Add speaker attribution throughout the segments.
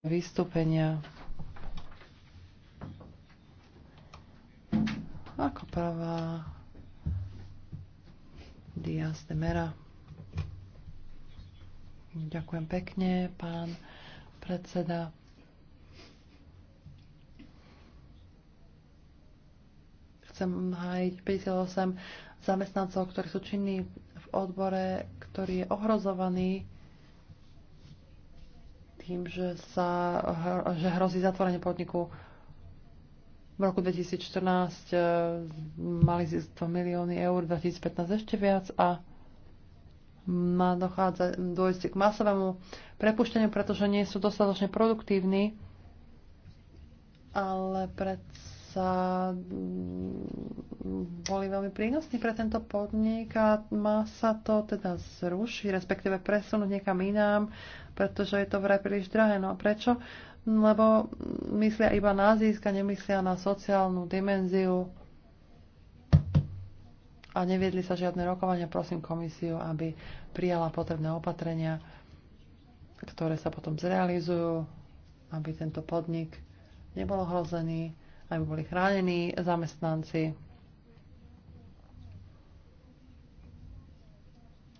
Speaker 1: vystúpenia. Ako prvá Diaz de Mera. Ďakujem pekne, pán predseda. Chcem hájiť 58 zamestnancov, ktorí sú činní v odbore, ktorý je ohrozovaný tým, že, sa, že hrozí zatvorenie podniku. V roku 2014 e, mali zísť 2 milióny eur, 2015 ešte viac a má dochádza, dôjsť k masovému prepušteniu, pretože nie sú dostatočne produktívni, ale predsa sa mm, boli veľmi prínosní pre tento podnik a má sa to teda zrušiť, respektíve presunúť niekam inám, pretože je to vraj príliš drahé. No a prečo? Lebo myslia iba na získ a nemyslia na sociálnu dimenziu a neviedli sa žiadne rokovania. Prosím komisiu, aby prijala potrebné opatrenia, ktoré sa potom zrealizujú, aby tento podnik nebol ohrozený aby boli chránení zamestnanci.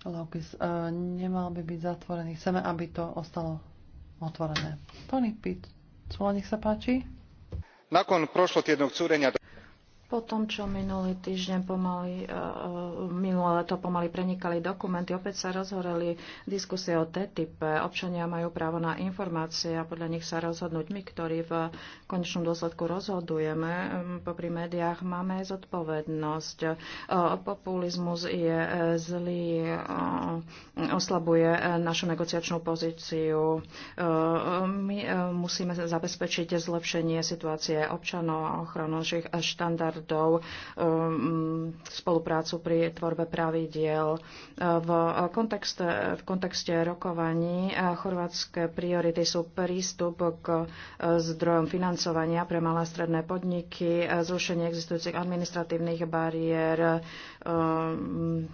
Speaker 1: Lokis uh, e, nemal by byť zatvorený. Chceme, aby to ostalo otvorené. Tony Pitt, nech sa páči.
Speaker 2: Nakon prošlo prošlotjednog cúrenia... Po tom, čo minulý týždeň pomaly, e, e, minulé leto pomaly prenikali dokumenty, opäť sa rozhoreli diskusie o TTIP. Občania majú právo na informácie a podľa nich sa rozhodnúť my, ktorí v konečnom dôsledku rozhodujeme. Popri médiách máme zodpovednosť. E, populizmus je zlý, oslabuje našu negociačnú pozíciu musíme zabezpečiť zlepšenie situácie občanov a ochranu našich štandardov, um, spoluprácu pri tvorbe pravidiel. Uh, v kontexte, v kontexte rokovaní uh, chorvátske priority sú prístup k uh, zdrojom financovania pre malé a stredné podniky, zrušenie existujúcich administratívnych bariér, um,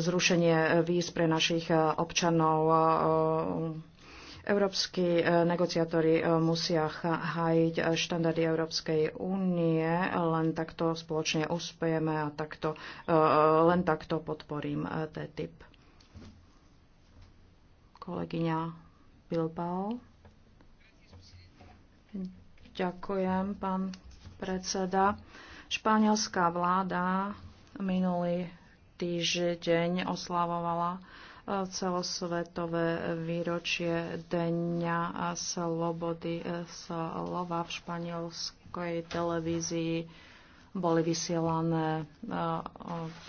Speaker 2: zrušenie víz pre našich občanov, Európsky e, negociátori e, musia hájiť e, štandardy Európskej únie, len takto spoločne uspejeme a takto, len takto podporím TTIP. Kolegyňa Bilbao. Ďakujem, pán predseda. Španielská vláda minulý týždeň oslavovala celosvetové výročie Dňa slobody slova v španielskej televízii boli vysielané eh,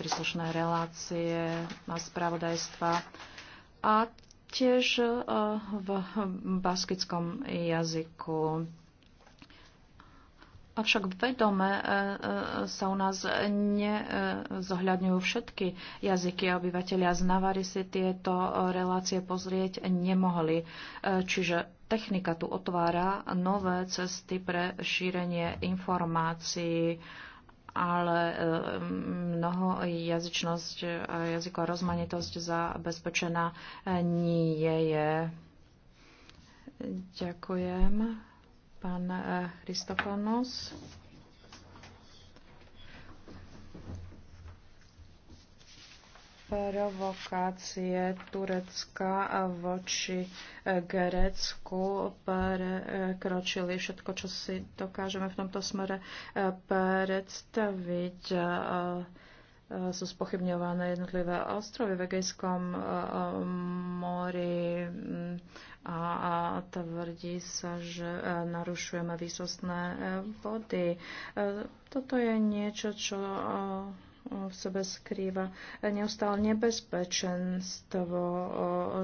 Speaker 2: príslušné relácie a spravodajstva a tiež eh, v baskickom jazyku. Avšak vedome e, e, sa u nás nezohľadňujú všetky jazyky a obyvateľia z Navary si tieto relácie pozrieť nemohli. E, čiže technika tu otvára nové cesty pre šírenie informácií ale mnoho jazyčnosť a jazyková rozmanitosť zabezpečená nie je. Ďakujem pán eh, Christofanos. provokácie Turecka voči eh, Grécku prekročili všetko, čo si dokážeme v tomto smere eh, predstaviť Eh, sú spochybňované jednotlivé ostrovy v Egejskom eh, eh, mori mm, a, a tvrdí sa, že narušujeme výsostné vody. Toto je niečo, čo v sebe skrýva neustále nebezpečenstvo,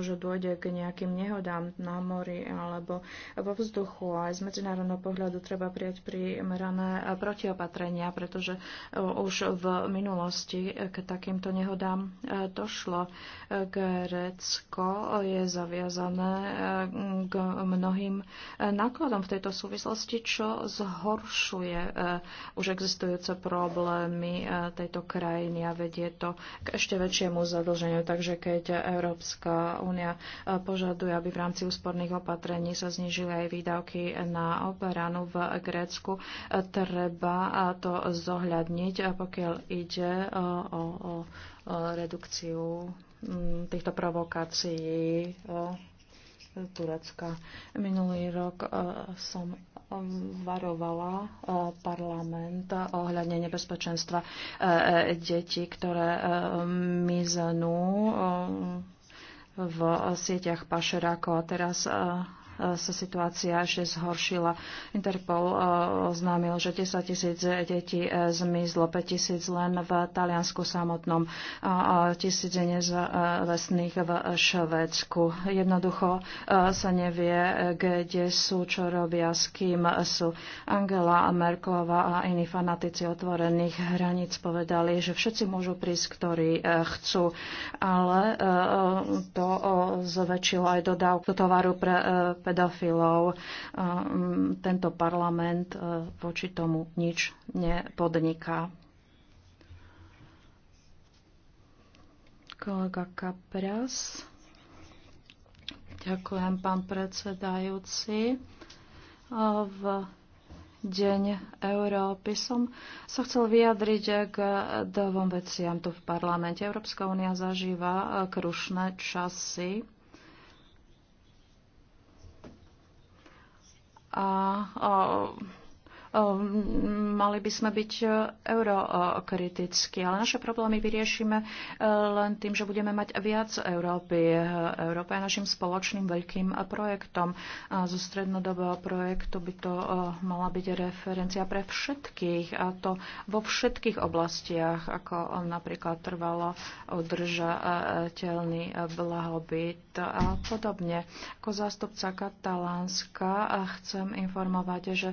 Speaker 2: že dôjde k nejakým nehodám na mori alebo vo vzduchu. Aj z medzinárodného pohľadu treba prijať primerané protiopatrenia, pretože už v minulosti k takýmto nehodám došlo. Grécko je zaviazané k mnohým nákladom v tejto súvislosti, čo zhoršuje už existujúce problémy tejto krajiny a vedie to k ešte väčšiemu zadlženiu. Takže keď Európska únia eh, požaduje, aby v rámci úsporných opatrení sa znižili aj výdavky na operanu v Grécku, eh, treba eh, to zohľadniť, pokiaľ ide o, o, o redukciu mm, týchto provokácií. O, Turecka. Minulý rok e, som e, varovala e, parlament ohľadne nebezpečenstva detí, ktoré miznú v sieťach pašerákov. A teraz E, sa situácia ešte zhoršila. Interpol e, oznámil, že 10 tisíc detí e, zmizlo, 5 tisíc len v Taliansku samotnom a tisíc nezvestných v Švedsku. Jednoducho sa nevie, kde sú, čo robia, s kým sú. Angela Merklova a iní fanatici otvorených hraníc povedali, že všetci môžu prísť, ktorí chcú, ale to zväčšilo aj dodávku tovaru pre pedofilov. E, tento parlament e, voči tomu nič nepodniká. Kolega Kapras. Ďakujem, pán predsedajúci. E, v Deň Európy som sa chcel vyjadriť k dvom veciam tu v parlamente. Európska únia zažíva krušné časy a, a Ehm, mali by sme byť e, eurokritickí, ale naše problémy vyriešime e, len tým, že budeme mať viac Európy. E, Európa je našim spoločným veľkým projektom. Zo strednodobého projektu by to mala byť referencia pre všetkých, a to vo všetkých oblastiach, ako napríklad trvalo udržateľný blahobyt a podobne. Ako zástupca Katalánska chcem informovať, že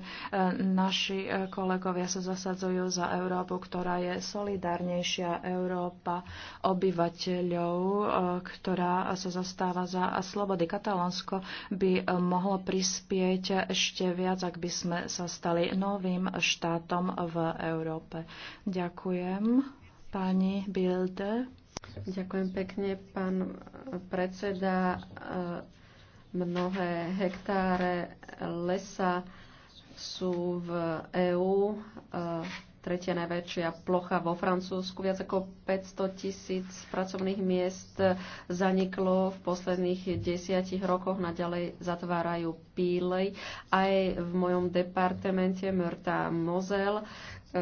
Speaker 2: naš Naši e, kolegovia sa zasadzujú za Európu, ktorá je solidárnejšia Európa obyvateľov, e, ktorá sa zastáva za slobody. Katalónsko by e, mohlo prispieť ešte viac, ak by sme sa stali novým štátom v Európe. Ďakujem. Pani Bilde. Ďakujem pekne,
Speaker 3: pán predseda. Mnohé hektáre lesa sú v EÚ e, tretia najväčšia plocha vo Francúzsku. Viac ako 500 tisíc pracovných miest zaniklo v posledných desiatich rokoch. Naďalej zatvárajú pílej. Aj v mojom departamente Mörta Mozel E,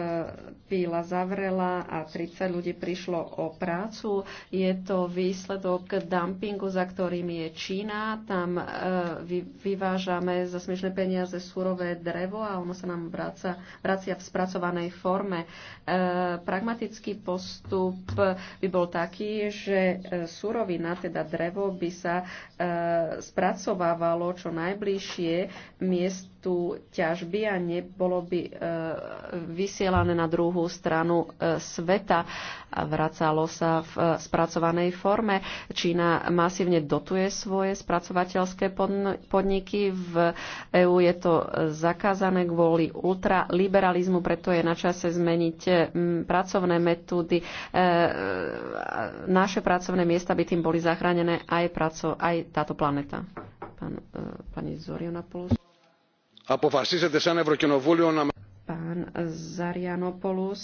Speaker 3: píla zavrela a 30 ľudí prišlo o prácu. Je to výsledok dumpingu, za ktorým je Čína. Tam e, vyvážame za smiešné peniaze surové drevo a ono sa nám vracia, vracia v spracovanej forme. E, pragmatický postup by bol taký, že surovina, teda drevo, by sa spracovávalo čo najbližšie miest tu ťažby a nebolo by e, vysielané na druhú stranu e, sveta a vracalo sa v e, spracovanej forme. Čína masívne dotuje svoje spracovateľské podniky. V EÚ je to zakázané kvôli ultraliberalizmu, preto je na čase zmeniť pracovné metódy. Naše pracovné miesta by tým boli zachránené aj, praco, aj táto planeta. Pán, pani Zoriona Polosová
Speaker 1: αποφασίσετε σαν Ευρωκοινοβούλιο να...
Speaker 3: Pán Ζαριανόπολους,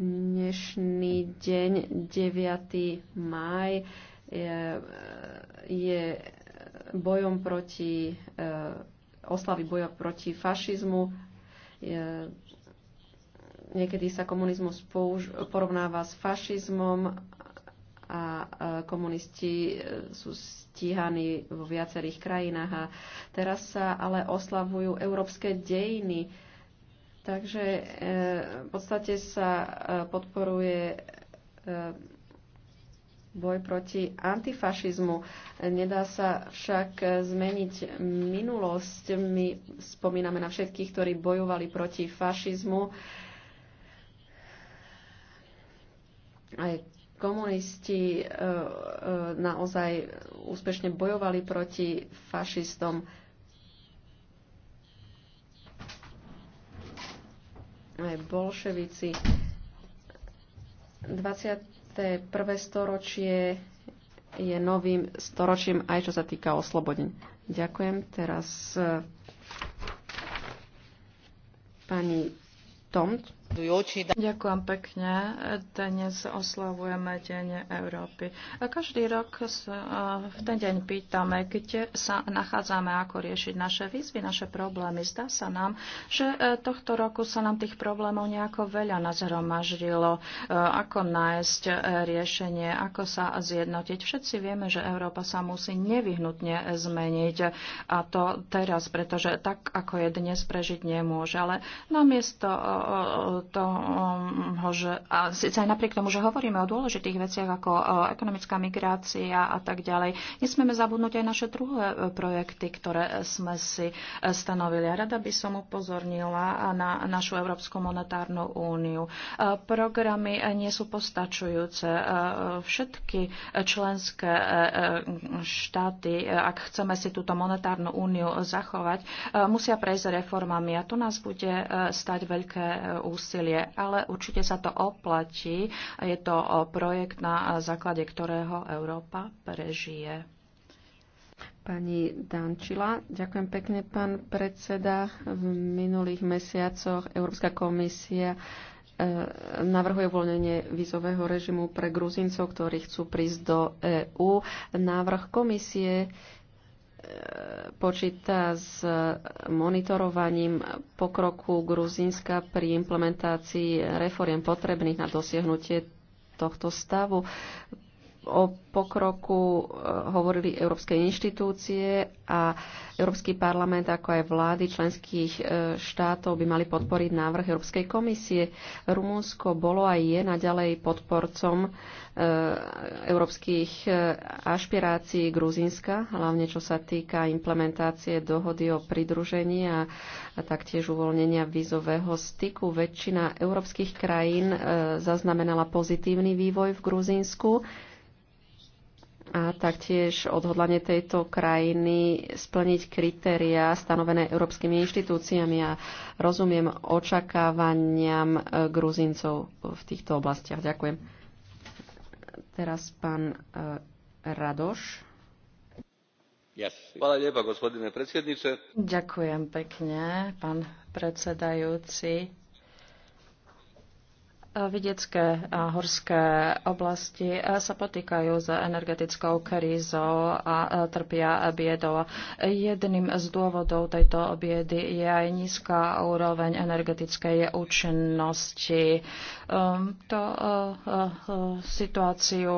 Speaker 3: dnešný deň, 9. maj, je, je bojom proti, oslavy boja proti fašizmu. Je, niekedy sa komunizmus použ- porovnáva s fašizmom a komunisti e, sú stíhaní vo viacerých krajinách a teraz sa ale oslavujú európske dejiny. Takže e, v podstate sa e, podporuje boj proti antifašizmu. Nedá sa však zmeniť minulosť. My spomíname na všetkých, ktorí bojovali proti fašizmu. Aj komunisti e, e, naozaj úspešne bojovali proti fašistom. Aj bolševici. 21. storočie je novým storočím aj čo sa týka oslobodeň. Ďakujem. Teraz e, pani Tomt.
Speaker 2: Ďakujem pekne. Dnes oslavujeme Deň Európy. Každý rok e, v ten deň pýtame, kde sa nachádzame, ako riešiť naše výzvy, naše problémy. Zdá sa nám, že e, tohto roku sa nám tých problémov nejako veľa nazhromaždilo. E, ako nájsť riešenie, ako sa zjednotiť. Všetci vieme, že Európa sa musí nevyhnutne zmeniť a to teraz, pretože tak, ako je dnes, prežiť nemôže. Ale namiesto toho, že a síce aj napriek tomu, že hovoríme o dôležitých veciach ako ekonomická migrácia a tak ďalej, nesmieme zabudnúť aj naše druhé e, projekty, ktoré sme si e, stanovili. A rada by som upozornila na našu Európsku monetárnu úniu. E, programy nie sú postačujúce. Všetky členské štáty, ak chceme si túto monetárnu úniu zachovať, musia prejsť reformami a to nás bude stať veľké úsilie úsilie, ale určite sa to oplatí. Je to projekt, na základe ktorého Európa prežije. Pani Dančila, ďakujem pekne,
Speaker 3: pán predseda. V minulých mesiacoch Európska komisia e, navrhuje uvoľnenie vízového režimu pre Gruzincov, ktorí chcú prísť do EÚ. Návrh komisie počíta s monitorovaním pokroku Gruzínska pri implementácii reforiem potrebných na dosiahnutie tohto stavu o pokroku eh, hovorili európske inštitúcie a Európsky parlament, ako aj vlády členských eh, štátov by mali podporiť návrh Európskej komisie. Rumunsko bolo a je naďalej podporcom eh, európskych ašpirácií Gruzinska, hlavne čo sa týka implementácie dohody o pridružení a, taktiež uvoľnenia vízového styku. Väčšina európskych krajín zaznamenala pozitívny vývoj v Gruzinsku a taktiež odhodlanie tejto krajiny splniť kritériá stanovené európskymi inštitúciami a rozumiem očakávaniam eh, Gruzincov v týchto oblastiach. Ďakujem. Teraz pán eh,
Speaker 2: Radoš. Ďakujem pekne, pán predsedajúci Vidiecké a horské oblasti eh, sa potýkajú s energetickou krízou a eh, trpia biedou. Jedným z dôvodov tejto biedy je aj nízka úroveň energetickej účinnosti. Ehm, to eh, situáciu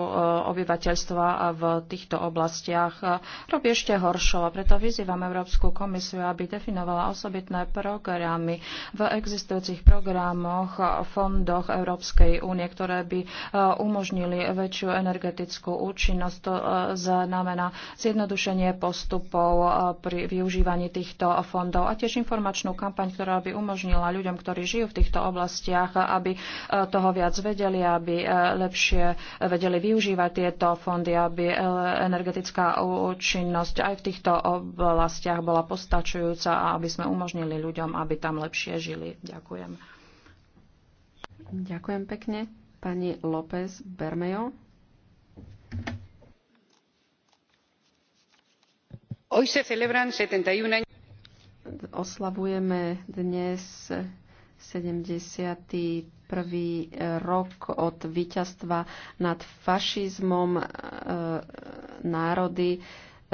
Speaker 2: obyvateľstva v týchto oblastiach robí ešte horšou a preto vyzývam Európsku komisiu, aby definovala osobitné programy v existujúcich programoch, fondoch Európskej únie, ktoré by e, umožnili väčšiu energetickú účinnosť. To e, znamená zjednodušenie postupov e, pri využívaní týchto fondov a tiež informačnú kampaň, ktorá by umožnila ľuďom, ktorí žijú v týchto oblastiach, aby toho viac vedeli, aby lepšie vedeli využívať tieto fondy, aby energetická účinnosť aj v týchto oblastiach bola postačujúca a aby sme umožnili ľuďom, aby tam lepšie žili. Ďakujem.
Speaker 3: Ďakujem pekne. Pani López Bermejo. Hoy se celebran 71 años. Oslavujeme dnes 71. rok od víťazstva nad fašizmom eh, národy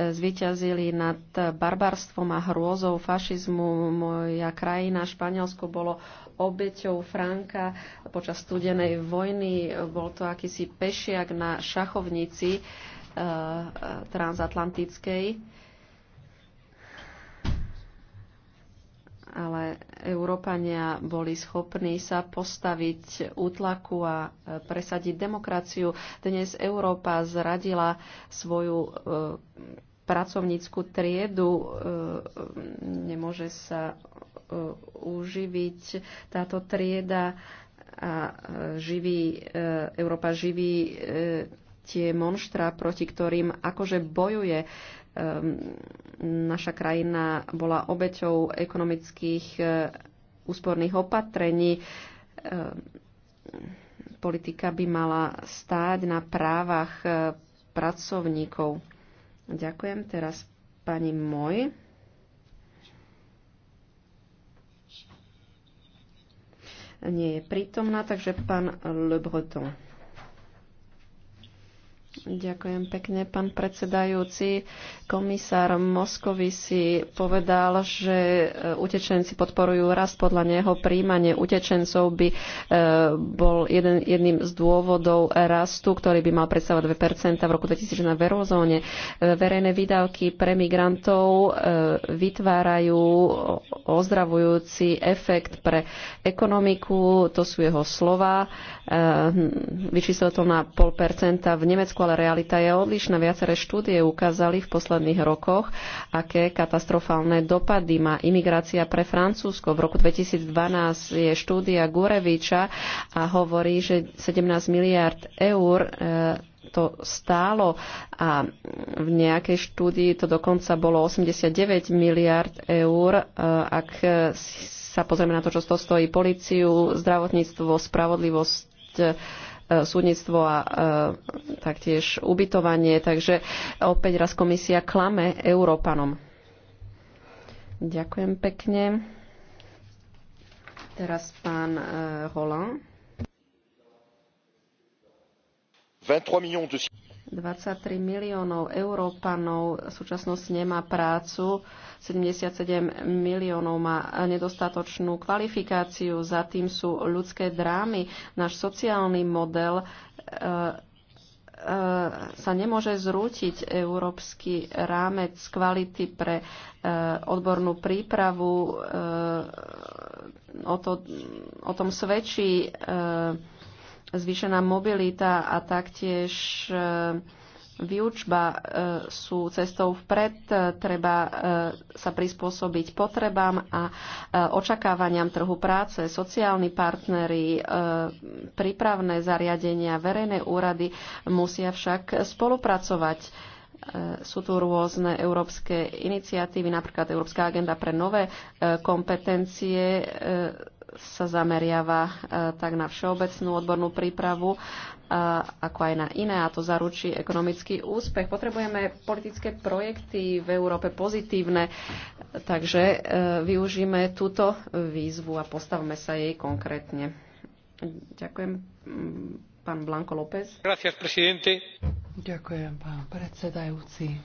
Speaker 3: zvyťazili nad barbarstvom a hrôzou fašizmu. Moja krajina, Španielsko, bolo obeťou Franka počas studenej vojny. Bol to akýsi pešiak na šachovnici eh, transatlantickej. ale Európania boli schopní sa postaviť útlaku a eh, presadiť demokraciu. Dnes Európa zradila svoju eh, pracovníckú triedu, e, nemôže sa e, uživiť táto trieda a e, živí, Európa živí tie monštra, proti ktorým akože bojuje. Naša krajina bola obeťou ekonomických úsporných opatrení. Politika by mala stáť na právach pracovníkov Ďakujem. Teraz pani Moj. Nie je prítomná, takže pán Le Breton. Ďakujem pekne, pán predsedajúci. Komisár Moskovi si povedal, že e, utečenci podporujú rast. Podľa neho príjmanie utečencov by e, bol jeden, jedným z dôvodov rastu, ktorý by mal predstavovať 2% v roku 2000 v eurozóne. Verejné výdavky pre migrantov e, vytvárajú ozdravujúci efekt pre ekonomiku. To sú jeho slova. Vyčíslo to na 0,5% v Nemecku, ale realita je odlišná. Viaceré štúdie ukázali v posledných rokoch, aké katastrofálne dopady má imigrácia pre Francúzsko. V roku 2012 je štúdia Gureviča a hovorí, že 17 miliard eur e, to stálo a v nejakej štúdii to dokonca bolo 89 miliard eur, e, ak sa pozrieme na to, čo toho stojí policiu, zdravotníctvo, spravodlivosť, E, súdnictvo a e, taktiež ubytovanie. Takže opäť raz komisia klame Európanom. Ďakujem pekne. Teraz pán e, Roland.
Speaker 1: 23 millions de
Speaker 3: 23 miliónov Európanov v súčasnosti nemá prácu, 77 miliónov má nedostatočnú kvalifikáciu, za tým sú ľudské drámy. Náš sociálny model e, e, sa nemôže zrútiť európsky rámec kvality pre e, odbornú prípravu. O, to, o tom svedčí zvýšená mobilita a taktiež e, výučba e, sú cestou vpred, treba e, sa prispôsobiť potrebám a očakávaniam trhu práce, sociálni partnery, prípravné zariadenia, verejné úrady musia však spolupracovať. Sú tu rôzne európske iniciatívy, napríklad Európska agenda pre nové kompetencie sa zameriava e, tak na všeobecnú odbornú prípravu, e, ako aj na iné a to zaručí ekonomický úspech. Potrebujeme politické projekty v Európe pozitívne, takže e, využíme túto výzvu a postavme sa jej konkrétne.
Speaker 1: Ďakujem, pán Blanco López. Ďakujem, pán predsedajúci.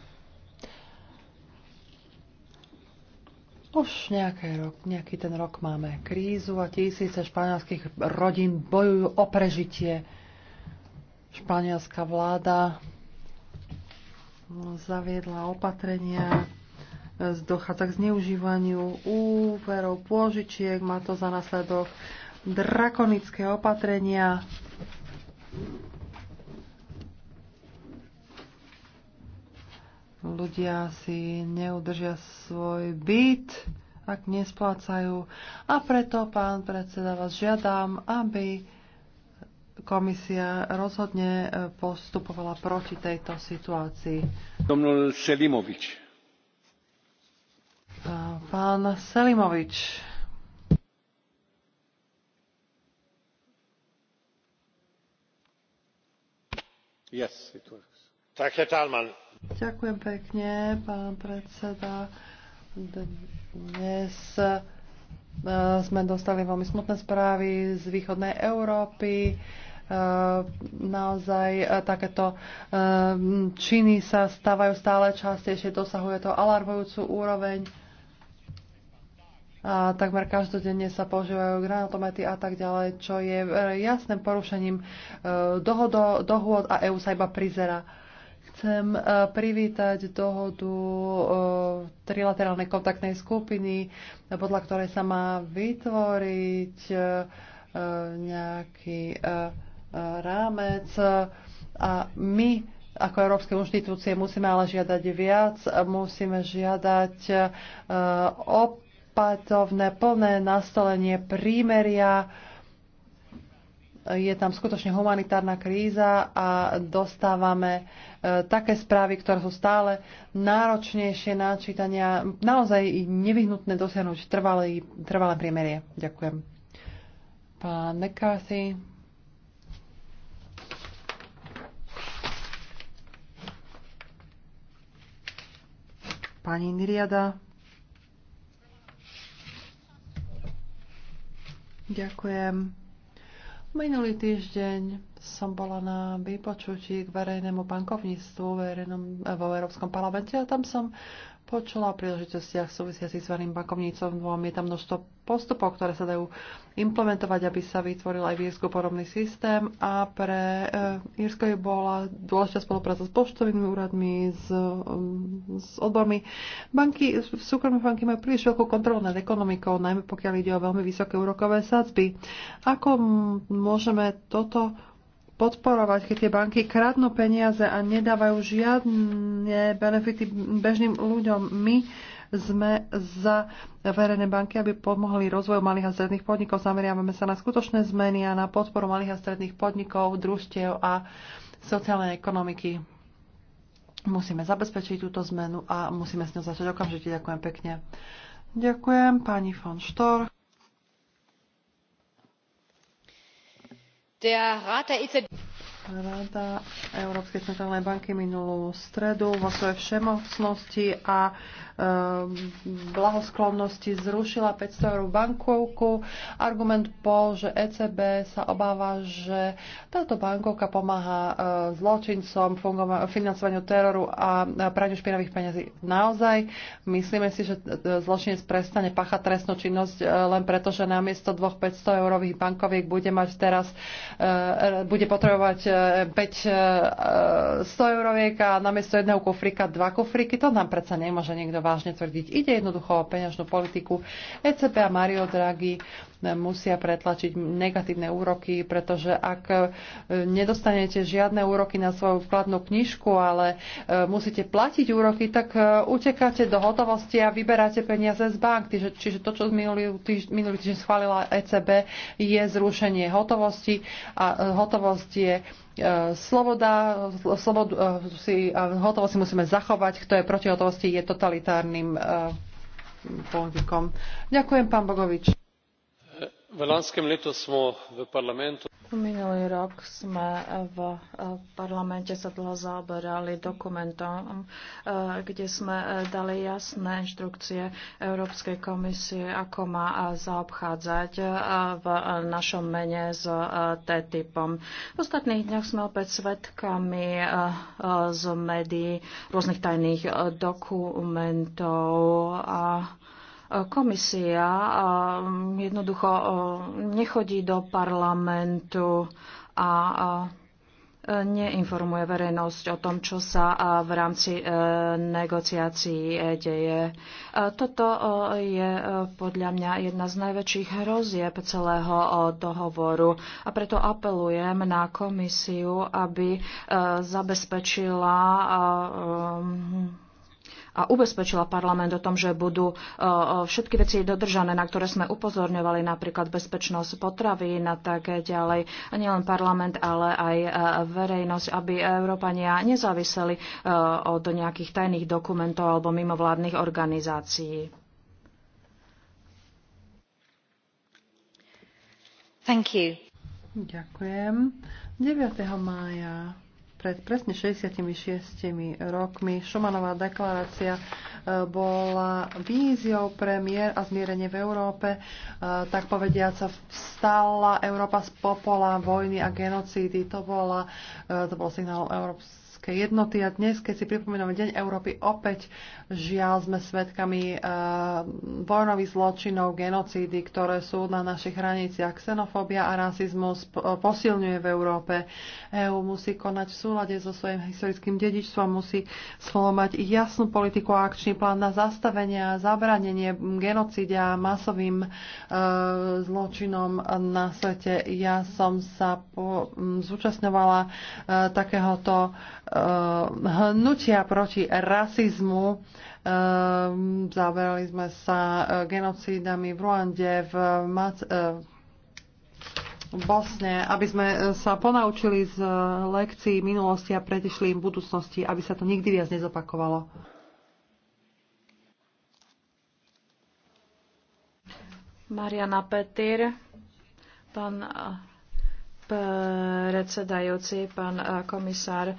Speaker 1: Už nejaké rok, nejaký ten rok máme krízu a tisíce španielských rodín bojujú o prežitie. Španielská vláda no, zaviedla opatrenia, e, dochádza k zneužívaniu úverov, pôžičiek, má to za následok drakonické opatrenia Ľudia si neudržia svoj byt, ak nesplácajú. A preto, pán predseda, vás žiadam, aby komisia rozhodne e, postupovala proti tejto situácii. Domnul Selimovič. Pán Selimovič. Yes, it works. Tak, herr Talman Ďakujem pekne, pán predseda. Dnes eh, sme dostali veľmi smutné správy z východnej Európy. Eh, naozaj eh, takéto činy sa stávajú stále častejšie, dosahuje to alarmujúcu úroveň a takmer každodenne sa používajú granatomety a tak ďalej, čo je jasným porušením dohod a EU sa iba prizera. Chcem eh, privítať dohodu eh, trilaterálnej kontaktnej skupiny, podľa ktorej sa má vytvoriť eh, nejaký rámec a my ako európske inštitúcie musíme ale žiadať viac, musíme žiadať opatovné plné nastolenie prímeria, je tam skutočne humanitárna kríza a dostávame e, také správy, ktoré sú stále náročnejšie na čítania. Naozaj nevyhnutné dosiahnuť trvalé, trvalé priemerie. Ďakujem. Pán McCarthy. Pani Niriada. Ďakujem. Minulý týždeň som bola na vypočutí k verejnému bankovníctvu vo Európskom parlamente a tam som počula o príležitostiach súvisiacich s verejným bankovníctvom. Je tam množstvo postupov, ktoré sa dajú implementovať, aby sa vytvoril aj v Írsku podobný systém a pre eh, Írsko je bola dôležitá spolupráca s poštovými úradmi, s, mm, s odbormi. Banky, súkromné banky majú príliš veľkú kontrolu nad ekonomikou, najmä pokiaľ ide o veľmi vysoké úrokové sadzby. Ako môžeme toto podporovať, keď tie banky kradnú peniaze a nedávajú žiadne benefity bežným ľuďom. My sme za verejné banky, aby pomohli rozvoju malých a stredných podnikov. Zameriavame sa na skutočné zmeny a na podporu malých a stredných podnikov, družstiev a sociálnej ekonomiky. Musíme zabezpečiť túto zmenu a musíme s ňou začať okamžite. Ďakujem pekne. Ďakujem pani von Štor. E Rada Európskej centrálnej banky minulú stredu vo svojej všemocnosti a Ehm, blahosklonnosti zrušila 500 eur bankovku. Argument bol, že ECB sa obáva, že táto bankovka pomáha e, zločincom, financovaniu teroru a praniu špinavých peniazí. Naozaj myslíme si, že e, zločinec prestane pachať trestnú činnosť e, len preto, že namiesto dvoch 500 eurových bankoviek bude mať teraz, bude potrebovať 5 100 euroviek a namiesto jedného kufrika dva kufriky. To nám predsa nemôže nikto vážne tvrdiť. Ide jednoducho o peňažnú politiku. ECB a Mario Draghi musia pretlačiť negatívne úroky, pretože ak e, nedostanete žiadne úroky na svoju vkladnú knižku, ale e, musíte platiť úroky, tak e, utekáte do hotovosti a vyberáte peniaze z bank. Čiže, čiže to, čo minulý týždeň, minulý týždeň schválila ECB, je zrušenie hotovosti a hotovosť je E, sloboda, e, slobodu e, si, a hotovosť si musíme zachovať. Kto je proti hotovosti, je totalitárnym politikom. Ďakujem, pán Bogovič. V lanskem letu sme v parlamentu
Speaker 2: Minulý rok sme v eh, parlamente sa dlho zaoberali dokumentom, eh, kde sme eh, dali jasné inštrukcie Európskej komisie, ako má zaobchádzať v našom mene s T-typom. V ostatných dňoch sme opäť svetkami z médií rôznych tajných dokumentov a Komisia mm, jednoducho nechodí do parlamentu a neinformuje verejnosť o tom, čo sa v rámci e, negociácií e, deje. Toto je e, podľa mňa jedna z najväčších hrozieb celého dohovoru a preto apelujem na komisiu, aby zabezpečila a ubezpečila parlament o tom, že budú e, e, všetky veci dodržané, na ktoré sme upozorňovali, napríklad bezpečnosť potravín a také ďalej. A nielen parlament, ale aj e, verejnosť, aby Európania nezáviseli od nejakých tajných dokumentov alebo mimovládnych organizácií.
Speaker 1: Thank you. Ďakujem. 9. mája pred presne 66 rokmi Šumanová deklarácia e, bola víziou pre mier a zmierenie v Európe. E, tak povediať sa vstala Európa z popola vojny a genocídy. To, bola, e, to bol signál Európskej európskej jednoty a dnes, keď si pripomíname Deň Európy, opäť žiaľ sme svedkami eh, vojnových zločinov, genocídy, ktoré sú na našich hraniciach. Xenofóbia a rasizmus eh, posilňuje v Európe. EÚ musí konať v súlade so svojím historickým dedičstvom, musí sformovať jasnú politiku a akčný plán na zastavenie a zabranenie genocídia a masovým eh, zločinom na svete. Ja som sa po, mm, zúčastňovala takéhoto hnutia proti rasizmu. Ehm, zaoberali sme sa e, genocídami v Ruande, v, uh, v Bosne, aby sme e, sa ponaučili z lekcií minulosti a predišli im budúcnosti, aby sa to nikdy viac nezopakovalo.
Speaker 2: Mariana Petir, pán predsedajúci, pán eh, komisár, eh,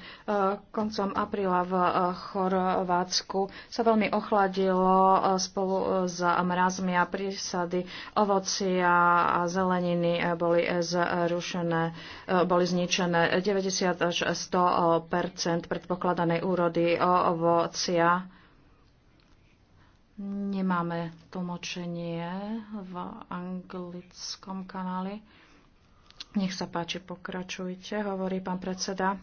Speaker 2: koncom apríla v eh, Chorvátsku sa veľmi ochladilo spolu s mrazmi a prísady ovocia a zeleniny boli zrušené, boli zničené 90 až 100 predpokladanej úrody ovocia. Nemáme tlmočenie v anglickom kanáli. Nech sa páči, pokračujte, hovorí pán predseda.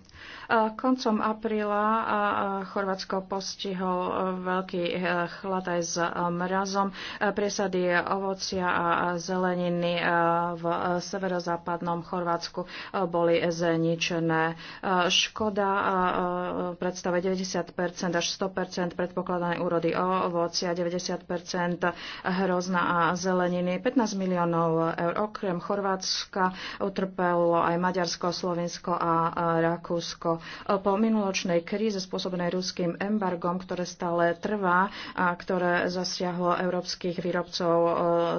Speaker 2: Koncom apríla Chorvátsko postihol veľký e, chlad aj s e, mrazom. E, priesady ovocia a zeleniny v severozápadnom Chorvátsku boli zničené. Škoda predstave 90 až 100 predpokladanej úrody ovocia, 90 hrozna a zeleniny, 15 miliónov eur. Okrem Chorvátska utrpelo aj Maďarsko, Slovensko a Rakúsko. Po minuločnej kríze spôsobenej ruským embargom, ktoré stále trvá a ktoré zasiahlo európskych výrobcov e,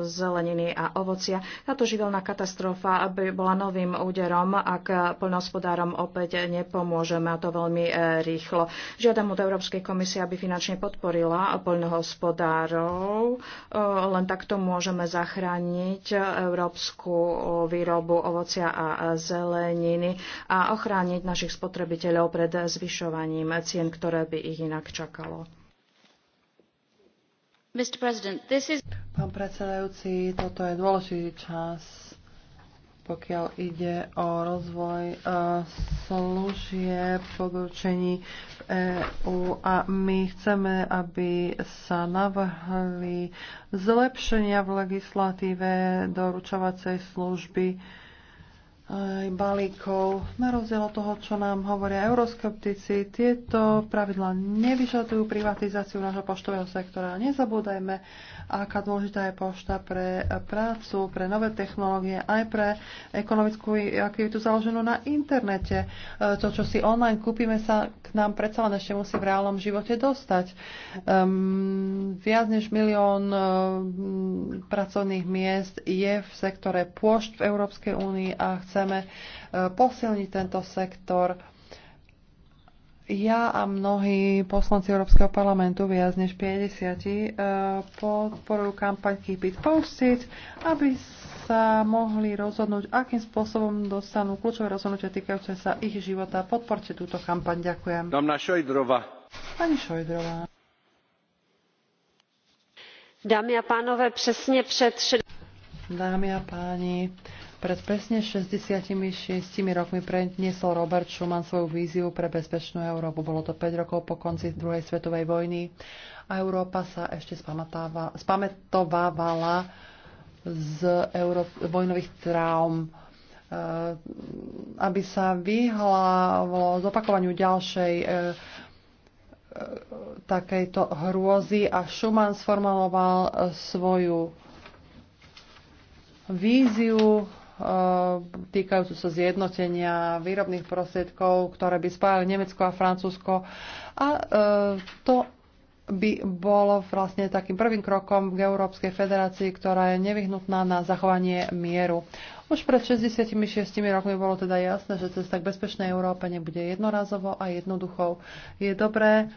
Speaker 2: zeleniny a ovocia, táto živelná katastrofa by bola novým úderom, ak poľnohospodárom opäť nepomôžeme a to veľmi e, rýchlo. Žiadam od Európskej komisie, aby finančne podporila poľnohospodárov. E, len takto môžeme zachrániť európsku výrobu ovocia ovocia a zeleniny a ochrániť našich spotrebiteľov pred zvyšovaním cien, ktoré by ich inak čakalo.
Speaker 1: Is... Pán predsedajúci, toto je dôležitý čas, pokiaľ ide o rozvoj uh, služieb v v e EÚ a my chceme, aby sa navrhli zlepšenia v legislatíve doručovacej služby uh, aj balíkov. Na rozdiel od toho, čo nám hovoria euroskeptici, tieto pravidla nevyžadujú privatizáciu nášho poštového sektora. Nezabúdajme, aká dôležitá je pošta pre prácu, pre nové technológie, aj pre ekonomickú aktivitu založenú na internete. E, to, čo si online kúpime, sa k nám predsa len ešte musí v reálnom živote dostať. Um, viac než milión um, pracovných miest je v sektore pôšť v Európskej únii a chce chceme e, posilniť tento sektor. Ja a mnohí poslanci Európskeho parlamentu, viac než 50, e, podporujú kampaň Keep It Posted, aby sa mohli rozhodnúť, akým spôsobom dostanú kľúčové rozhodnutia týkajúce sa ich života. Podporte túto kampaň. Ďakujem. Dámna Šojdrova. Pani Šojdrova. Dámy a pánové, presne pred... Dámy a páni, pred presne 66 rokmi predniesol Robert Schuman svoju víziu pre bezpečnú Európu. Bolo to 5 rokov po konci druhej svetovej vojny a Európa sa ešte spametovávala z Euró- vojnových traum e, aby sa z zopakovaniu ďalšej e, e, takejto hrôzy a Schumann sformuloval e, svoju víziu E, týkajúcu sa zjednotenia výrobných prostriedkov, ktoré by spájali Nemecko a Francúzsko. A e, to by bolo vlastne takým prvým krokom k Európskej federácii, ktorá je nevyhnutná na zachovanie mieru. Už pred 66 rokmi bolo teda jasné, že cesta k bezpečnej Európe nebude jednorazovo a jednoduchou. Je dobré,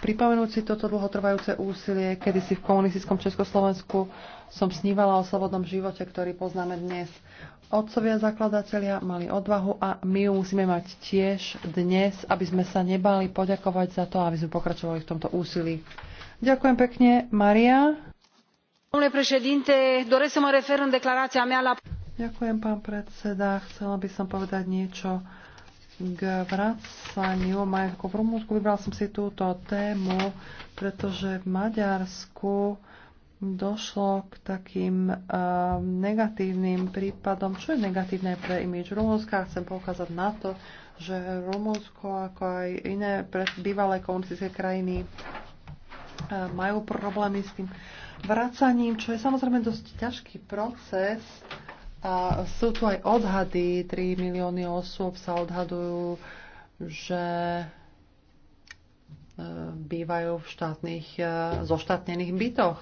Speaker 1: pripomenúť si toto dlhotrvajúce úsilie, kedy si v komunistickom Československu som snívala o slobodnom živote, ktorý poznáme dnes. Otcovia zakladatelia mali odvahu a my ju musíme mať tiež dnes, aby sme sa nebali poďakovať za to, aby sme pokračovali v tomto úsilí. Ďakujem pekne, Maria. Ďakujem, pán predseda. Chcela by som povedať niečo k vracaniu majetku v Rumúnsku. Vybral som si túto tému, pretože v Maďarsku došlo k takým uh, negatívnym prípadom, čo je negatívne pre imič Rumúnska. Chcem poukázať na to, že Rumunsko, ako aj iné bývalé komunistické krajiny, uh, majú problémy s tým vracaním, čo je samozrejme dosť ťažký proces. Uh, a sú tu aj odhady, 3 milióny osôb sa odhadujú, že e, bývajú v štátnych, e, zoštátnených bytoch.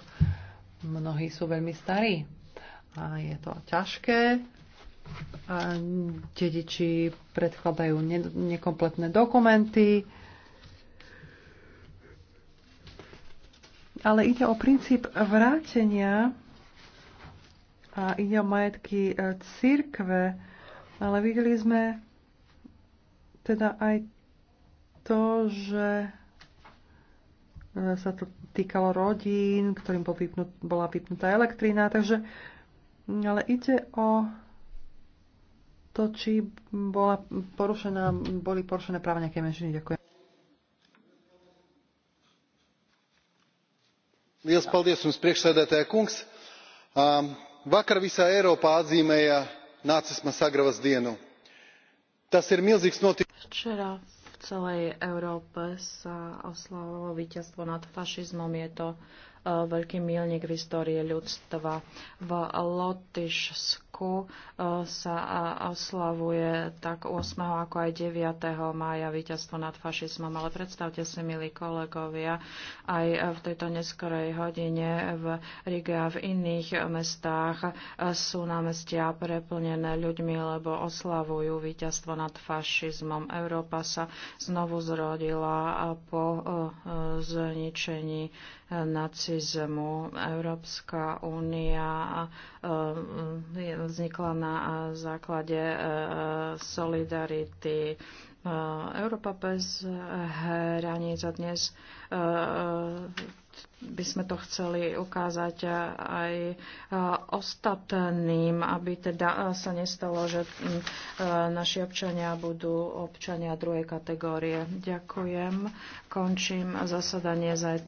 Speaker 1: Mnohí sú veľmi starí a je to ťažké. A dediči predkladajú ne- nekompletné dokumenty. Ale ide o princíp vrátenia a ide o majetky e, církve, ale videli sme teda aj to, že e, sa to týkalo rodín, ktorým bol vypnut, bola vypnutá elektrina, takže ale ide o to, či bola porušená, boli porušené práve nejaké menšiny. Ďakujem.
Speaker 2: Liels paldies jums priekšsēdētāja
Speaker 3: kungs. Um, vakar visā eiropā atzīmēja nācis masagravas dienu. Tas ir milzīgs notikums.
Speaker 2: Včera v celej Európe sa oslavovalo víťazstvo nad fašizmom. Je to E, veľký milník v histórii ľudstva. V Lotyšsku e, sa oslavuje tak 8. ako aj 9. mája víťazstvo nad fašizmom. Ale predstavte si, milí kolegovia, aj v tejto neskorej hodine v Rige a v iných mestách e, sú námestia preplnené ľuďmi, lebo oslavujú víťazstvo nad fašizmom. Európa sa znovu zrodila po zničení naci terorizmu. Európska únia eh, vznikla na základe eh, solidarity. Eh, Európa bez hraníc a dnes by sme to chceli ukázať aj ostatným, aby teda sa nestalo, že naši občania budú občania druhej kategórie. Ďakujem. Končím zasadanie zajtra.